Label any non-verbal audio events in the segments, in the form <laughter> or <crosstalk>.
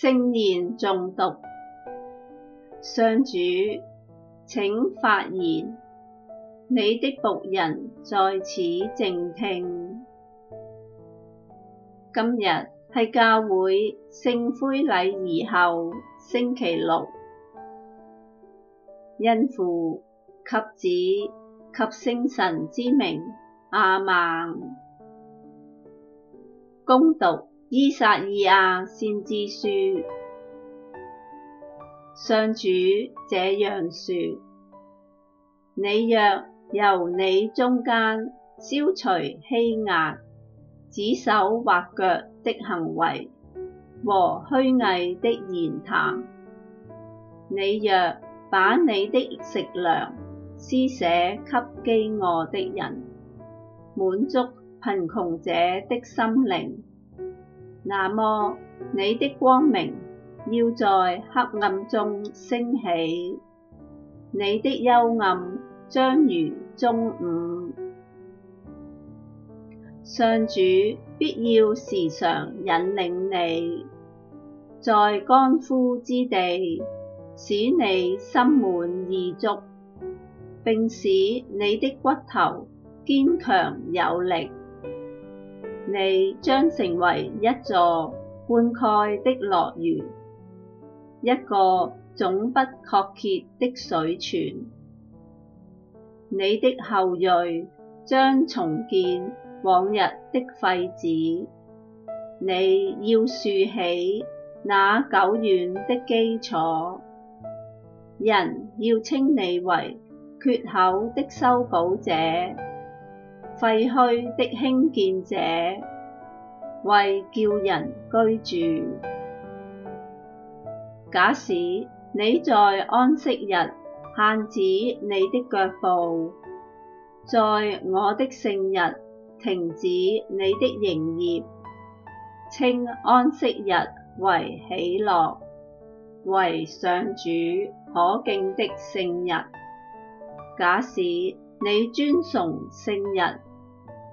聖言誦讀，上主，請發言，你的僕人在此靜聽。今日係教會聖灰禮儀後星期六，因父及子及聖神之名，阿門。恭讀。依撒意亞先知書：上主這樣説，你若由你中間消除欺壓、指手畫腳的行為和虛偽的言談，你若把你的食糧施捨給飢餓的人，滿足貧窮者的心靈，那麼，你的光明要在黑暗中升起，你的幽暗將如中午。上主必要時常引領你，在乾枯之地，使你心滿意足，並使你的骨頭堅強有力。你將成為一座灌溉的樂園，一個總不涸竭的水泉。你的後裔將重建往日的廢址，你要豎起那久遠的基礎。人要稱你為缺口的修補者。廢墟的興建者，為叫人居住。假使你在安息日限止你的腳步，在我的聖日停止你的營業，稱安息日為喜樂，為上主可敬的聖日。假使你尊崇聖日，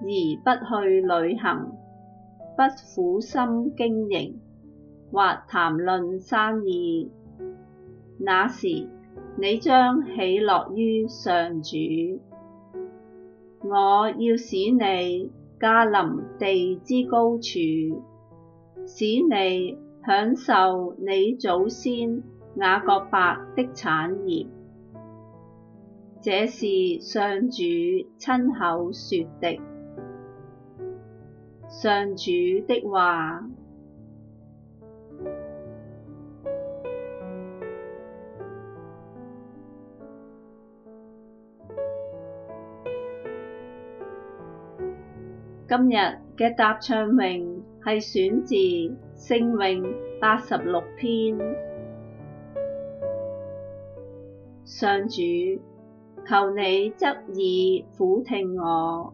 而不去旅行，不苦心經營，或談論生意，那時你將喜樂於上主。我要使你駕臨地之高處，使你享受你祖先雅各伯的產業。這是上主親口說的。上主的話，今日嘅答唱詠係選自聖詠八十六篇。上主，求你側耳俯聽我，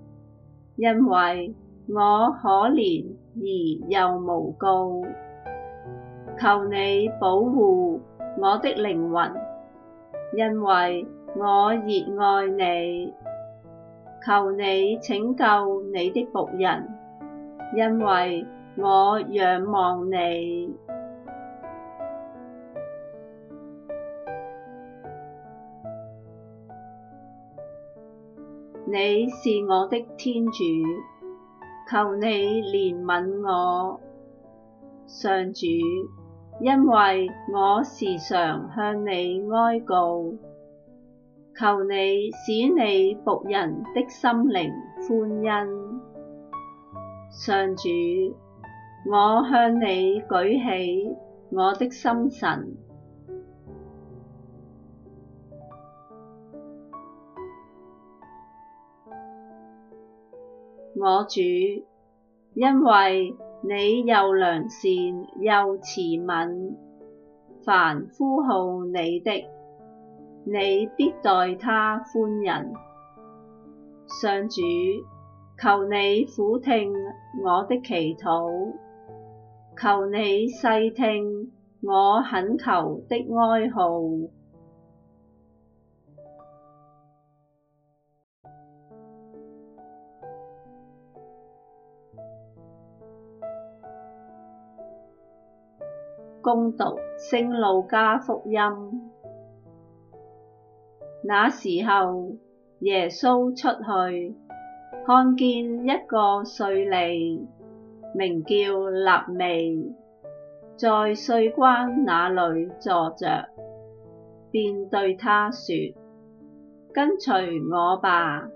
因為，我可憐而又無告，求你保護我的靈魂，因為我熱愛你。求你拯救你的僕人，因為我仰望你。 <noise> 你是我的天主。求你憐憫我，上主，因為我時常向你哀告。求你使你僕人的心靈歡欣，上主，我向你舉起我的心神。我主，因為你又良善又慈憫，凡呼號你的，你必待他寬仁。上主，求你俯聽我的祈禱，求你細聽我懇求的哀號。恭讀聖路加福音。那時候，耶穌出去，看見一個稅吏，名叫肋未，在稅關那裡坐着，便對他說：跟隨我吧。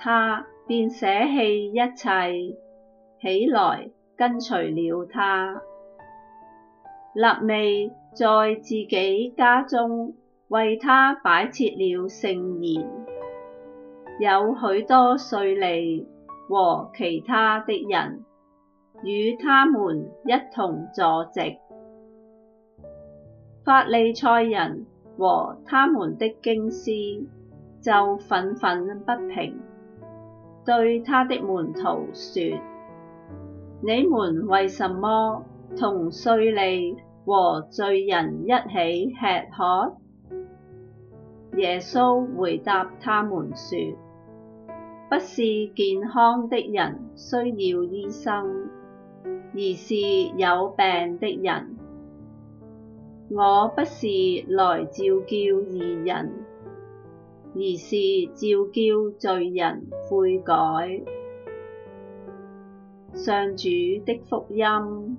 他便捨棄一切，起來跟隨了他。肋未在自己家中為他擺設了盛筵，有許多稅吏和其他的人，與他們一同坐席。法利塞人和他們的經師就憤憤不平，對他的門徒說：你們為什麼？同稅吏和罪人一起吃喝。耶穌回答他們說，不是健康的人需要醫生，而是有病的人。我不是來召叫義人，而是召叫罪人悔改。上主的福音。